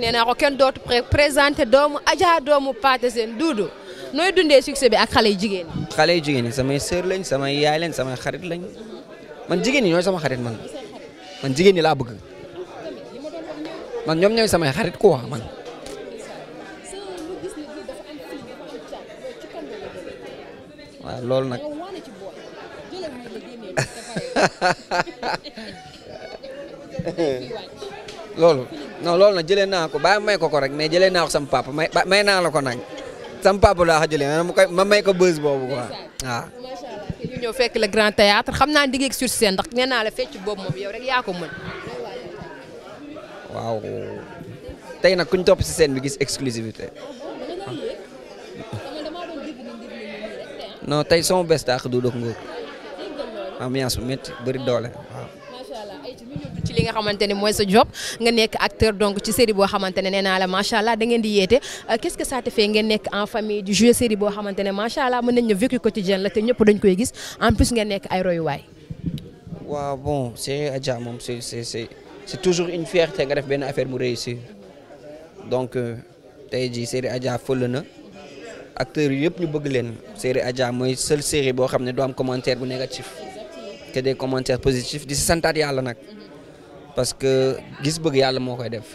nee naa ko kenn dootu présenté doomu Adja doomu Pathé Sène Doudou nooy dundee succès bi ak xale yu jigéen ñi. xale yu jigéen ñi samay sœur lañ samay yaay lañ samay xarit lañ jigéen ñi sama xarit man man jigéen ñi laa bëgg man ñoom ñooy sama xarit quoi man. waaw loolu nag. loolu non loolu nag jëlee naa ko bàyyi may ko rek mais jëlee naa ko sama papa may may naa ko nag sama papa laa ko jëlee ma koy ma may ko bës boobu quoi waaw. fekk le xam naa di sur scène ndax nee naa la fecc boobu moom yow rek yaa ko tey nag kuñ topp si scène bi gis exclusivité non tey sama bés taax du doog ngóor ambiance bu métti doole. li nga xamantene moy sa job nga nek acteur donc ci série bo xamantene ne la machallah da ngeen di yété euh, qu'est-ce que ça te fait ngeen nek en famille du jouer série bo xamantene machallah macha mën nañu ne vécu quotidien la té ñëpp dañ koy gis en plus nga nek ay way waaw bon série Adja mom c'est c'est c'est toujours une fierté nga def ben affaire mu réussir donc euh, tay ji série Adja fël na. acteurs yëpp ñu bëgg leen série Adja moy seule série bo xamné do am commentaire bu négatif que des commentaires positifs di si santaat yàlla nag parce que gis bëgg yàlla moo koy def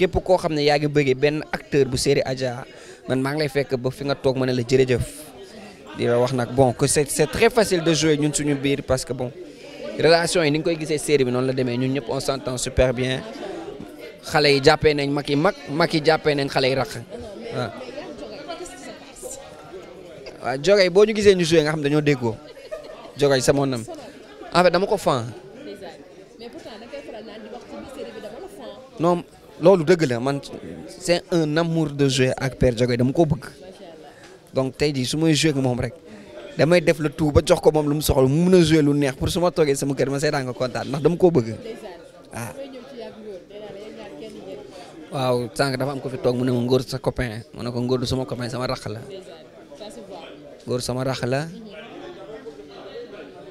képp koo xam ne yaa ngi bëggee benn acteur bu série Adja man maa ngi lay fekk ba fi nga toog ma ne la jërëjëf di la wax nag bon que c'est c'est très facile de jouer ñun suñu biir parce que bon relation yi ni nga koy gisee série bi noonu la demee ñun ñëpp on s'entend super bien xale yi jàppee nañ mag yi mag mag yi jàppee nañ xale yi raq waaw waaw Jogay boo ñu gisee ñu joué nga xam dañoo déggoo Jogay sama nam en fait dama ko non loolu dëgg la man c'est un nam amour de jouer ak per Diagoy dama ko bëgg donc tey jii su may jouer moom rek damay def le tout ba jox ko moom lu mu soxla mu mën a jouer lu neex pour su ma toogee sama kër ma seetaan nga kontaan ndax dama koo ah. sànq dafa am ko fi toog mu ne ma ngóor sa ma ne ko ngóor du sama copain sama rax la ngóor sama rax la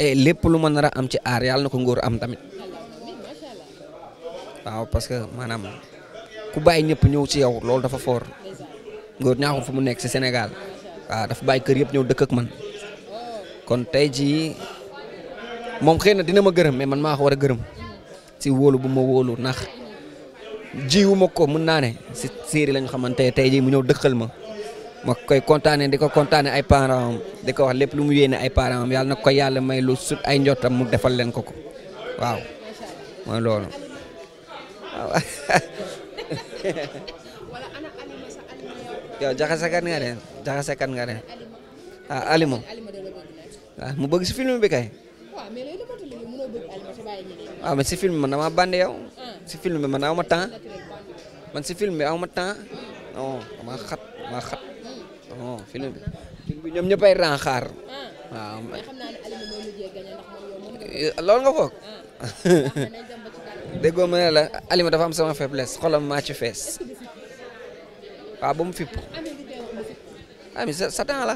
et lépp lu ma nar a am ci aar yàlla na ko ngóor am tamit. waaw parce que maanaam ku bàyyi ñëpp ñëw si yow loolu dafa foor góor ñaaxum fu mu nekk si senegal waaw dafa bàyyi kër yëpp ñëw dëkk ak man kon tey jii moom xëy na dina ma gërëm mais man maa ko war a gërëm ci wóolu bu ma wóolu ndax ko mën naa ne ci séeri lañu xamante ne tey jii mu ñëw dëkkal ma ma koy kontaanee di ko kontaanee ay parents am di ko wax lépp lu mu yéene ay parent am yàlla na ko yàlla may lu sut ay njottam mu defal leen ko ko waaw mooy loolu. wala ana alima sa alima yow jaxasakan nga ne jaxasakan nga ne ah alimo ah mu bëgg ci film bi kay waaw mais lay bëgg alima ci baye ah mais film man dama bandé yow ci film bi man awma temps man ci film bi awma temps non oh, dama xat xat non oh, film bi film bi ñom ran xaar waaw lool nga fokk déggoo ma ne la Alima dafa am sama faiblesse xolam maa ci fees waaw ba mu fipp ami sa la.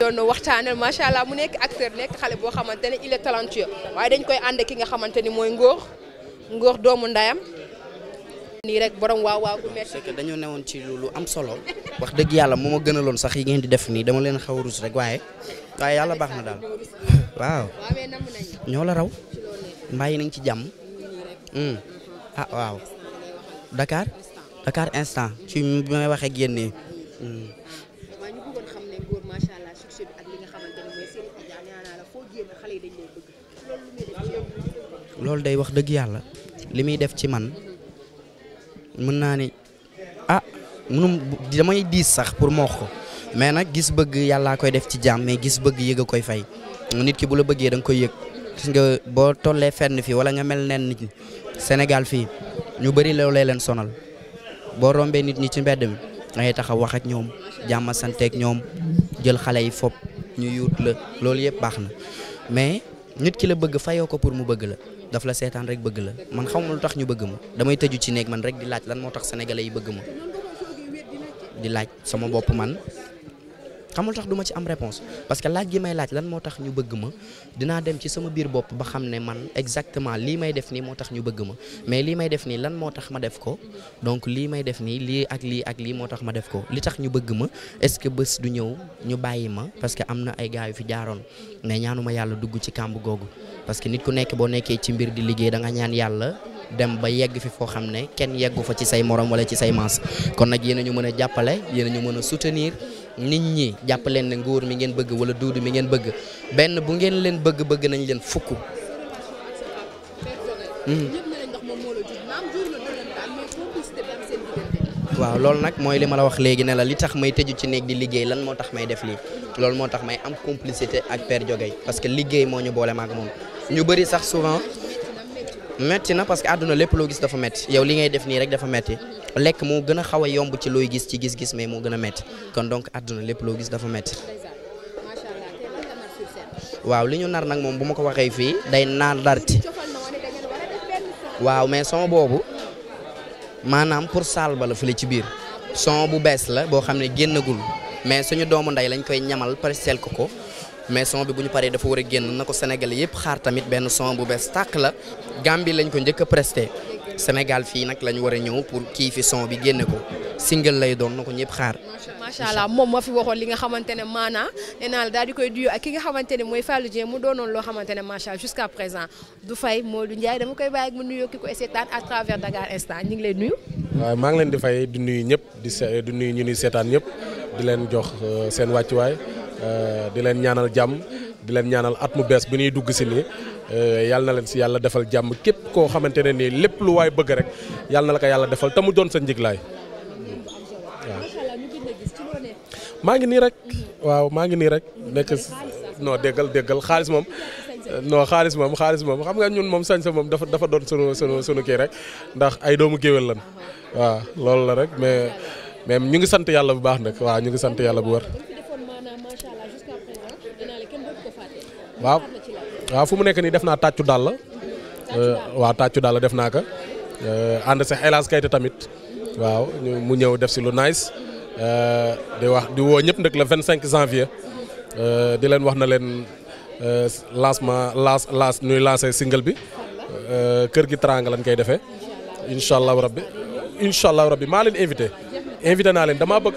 doon waxtaanal macha allah mu nekk acteur nekk xale boo xamante ne il est talentueux waaye dañ koy ànd ki nga xamante ni mooy ngoor ngoor doomu ndayam nii rek boroom waaw waaw bu métti dañoo newoon ci lu am solo. wax dëgg yàlla moo ma gënaloon sax yi ngeen di def nii dama leen xaw a rus rek waaye. waaye yàlla baax na daal waaw. ñoo la raw. mbaa yi nañ ci jàmm. Mm. ah waaw Dakar Dakar instant ci bi may waxee mm. génnee loolu day wax dëgg yàlla li muy def ci man mën naa ni ah mënum damay diis sax pour moo ko mais nag gis bëgg yàllaa koy def ci jàmm mais gis bëgg yëg a koy fay nit ki bu la bëggee da nga koy yëg gis nga boo tollee fenn fii wala nga mel nen nit ñi Sénégal fii ñu bëri loolee leen sonal boo rombee nit ñi ci mbedd mi da ngay wax ak ñoom jàmm santeeg ñoom jël xale yi fop ñu yuut la loolu yëpp baax na mais nit ki la bëgg fayoo ko pour mu bëgg la daf la seetaan rek bëgg la man xamuma lu tax ñu bëgg ma damay tëju ci néeg man rek di laaj lan moo tax sénégalais yi bëgg ma di laaj sama bopp man xamul tax duma ci am réponse parce que laaj gi may laaj lan motax ñu bëgg ma dina dem ci sama bir bop ba xam ne man exactement li may def ni motax ñu bëgg ma mais li may def nyubeguma, lan motax ma def ko donc li may def ni li ak li ak li motax ma def ko li tax ñu bëgg ma est-ce que bëss du ñëw ñu ma parce que amna ay gaay yu fi jaaroon né ñaanuma yalla dugg ci kambu gogu parce que nit ku nekk bo nekké ci mbir di liggé da nga ñaan yalla dem ba yegg fi fo xam ne kenn yeggu fa ci say morom wala ci say mans kon nak yeena ñu mëna jappalé yeena ñu mëna soutenir nit ñi jàpp leen ne nguur mi ngeen bëgg wala duudu mi ngeen bëgg benn bu ngeen leen bëgg bëgg nañu leen fukk. Hmm. waaw loolu nag mooy li ma la wax léegi ne la li tax may tëju ci néeg di liggéey lan moo tax may def lii loolu moo tax may am complicité ak Père Diogay parce que liggéey moo ñu boole maak moom ñu bëri sax souvent metti na parce que àdduna lépp loo gis dafa metti yow li ngay def nii rek dafa metti lekk moo gën a xaw a yomb ci looy gis ci gis-gis mais moo gën a métti kon donc àdduna lépp loo gis dafa métti waaw li nar nag moom bu ko waxee fii day naan darti waaw mais son pour la ci son bu bees la boo xam ne mais suñu doomu ndey lañ koy ñamal parcel koko ko mais son bi bu ñu paree dafa war a génn na ko Sénégal yëpp xaar tamit benn son bu la Gambie lañ ko Sénégal fi nak lañ wara ñëw pour kii fi son bi génné ko single lay doon nako ko ñëpp xaar. macha allah moom ma fi waxoon li nga xamantene mana maanaa dal di koy duyu ak ki nga xamantene moy Fallou Dieng mu doonoon lo xamantene ne macha allah jusqu'à présent du fay Modou Ndiaye dama koy bàyyi ak mu nuyu kiko ko à travers Dakar Instant ñu ngi lay nuyu. waay ma ngi leen di fay di nuyu ñëpp di se di nuyu ñu ni seetaan ñëpp di leen jox euh, seen wàccuwaay euh, di leen ñaanal jàmm. di ñaanal at mu bes bi ñuy dugg ci ni eh, yalla na len ci yalla defal jamm kep ko xamantene ni lepp lu way bëgg rek yalla na la ko yalla defal ta mu doon sa njiglaay ma ngi ni rek waaw ma ngi ni rek nek no deggal deggal xaaliss mom no xaaliss mom xaaliss mom xam nga ñun sañ sa mom dafa dafa doon sunu sunu sunu ki rek ndax ay doomu lan waaw loolu la rek mais même ñu ngi sante yalla bu baax nak waaw ñu ngi sante yalla bu war waaw waaw fu mu nekk nii def naa tàccu daal la euh, waaw tàccu daal def naa ko euh, ànd sax El Hadj Keita tamit waaw mu ñëw def si lu nice euh, di wax di woo ñëpp nag le 25 janvier di leen wax na leen lancement laas laas nuy lancer single bi kër gi teraanga lañ koy defee incha allahu rabbi incha allahu rabbi maa leen invité invité naa leen damaa bëgg.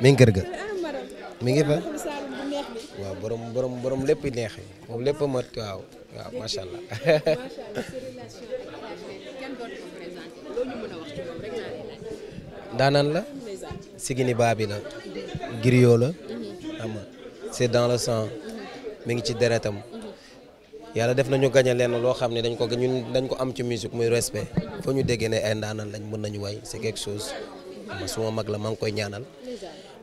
mi ngi kër ah, fa waaw borom borom borom lépp neex yi moom lépp mat waaw waaw macha allah. daanaan la sigini baabi la griot la xam nga c'est dans le sang mu ngi ci deretam yàlla def nañu gañe leen loo xam ne dañ ko ñun dañ ko am ci musique muy respect foo ñu déggee ne ay ndaanaan lañ mën nañu waay c'est quelque chose suma mag la maa ngi koy ñaanal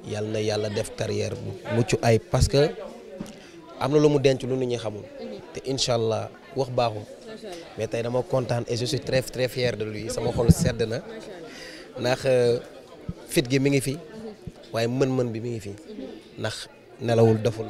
yàlla na yàlla def carrière bu mucc ay parce que am na lu mu denc lu nit ñi xamul te incha allah wax baaxul mais tey dama kontaan et je suis très très fier de lui sama xol sedd na ndax euh, fit gi mi ngi fi waaye mën-mën bi mi ngi fi ndax nelawul deful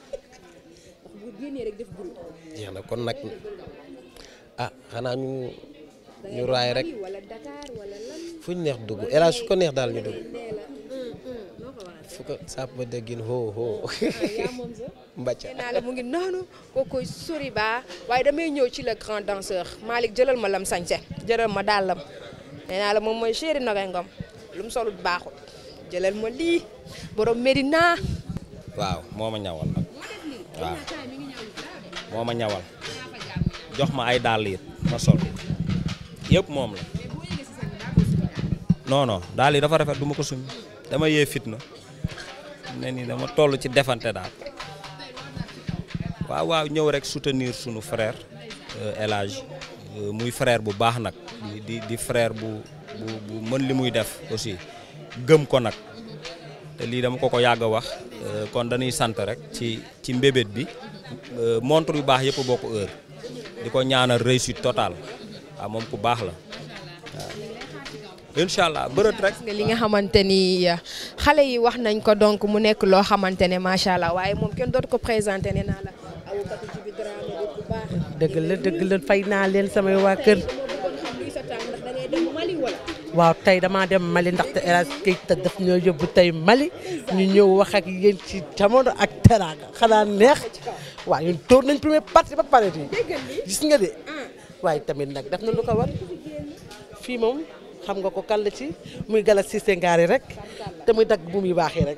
beeg def bruit. jeex na kon nag ah, xanaa ñu rek fu ñu neex dugg élage fu daal ñu dugg fu ko sàpp ba déggin hoo hoo mbàcc naa la mu ngi noonu kookoy sori baa waaye damay ñëw ci le grand danseur Malick jëlal ma lam sañse jëlal ma dàllam nee naa la moom mooy chéri Nogay Ngom lu mu solut baaxul jëlal ma lii borom Medina waaw moo ma ñawal nag moo ma ñawal jox ma ay dàll it ma sol yëpp moom la non daal yi dafa rafet du ma ko sumi dama yee fitna ne nii dama toll ci defante daal waaw waaw ñëw rek soutenir sunu frère euh, El euh, muy frère bu baax nag di di frère bu bu mën li muy def aussi gëm ko nag te lii dama ko ko yàgg a wax euh, kon dañuy sant rek ci ci mbébét bi Euh, montre yu baax yëpp bokk heure di ko ñaanal réussite totale waaw ah, moom ku baax la waaw allah bërët rek li nga xamante ni xale yi wax nañ ko donc mu nekk loo xamante ne macha allah waaye moom kenn dootu ko présenté ne naa la dëgg la dëgg la fay naa leen samay waa kër waaw tey dama dem Mali ndaxte Elaj Keita daf ñoo yóbbu tey Mali ñu ñëw wax ak yéen ci tamono ak teraanga xanaa neex waaw ñun tóor nañ premier parti ba pare yi gis nga de waaye tamit nag def na lu ko war fii moom xam nga ko kàll ci muy gala Cissé ngaari rek te muy dagg bu muy baaxee rek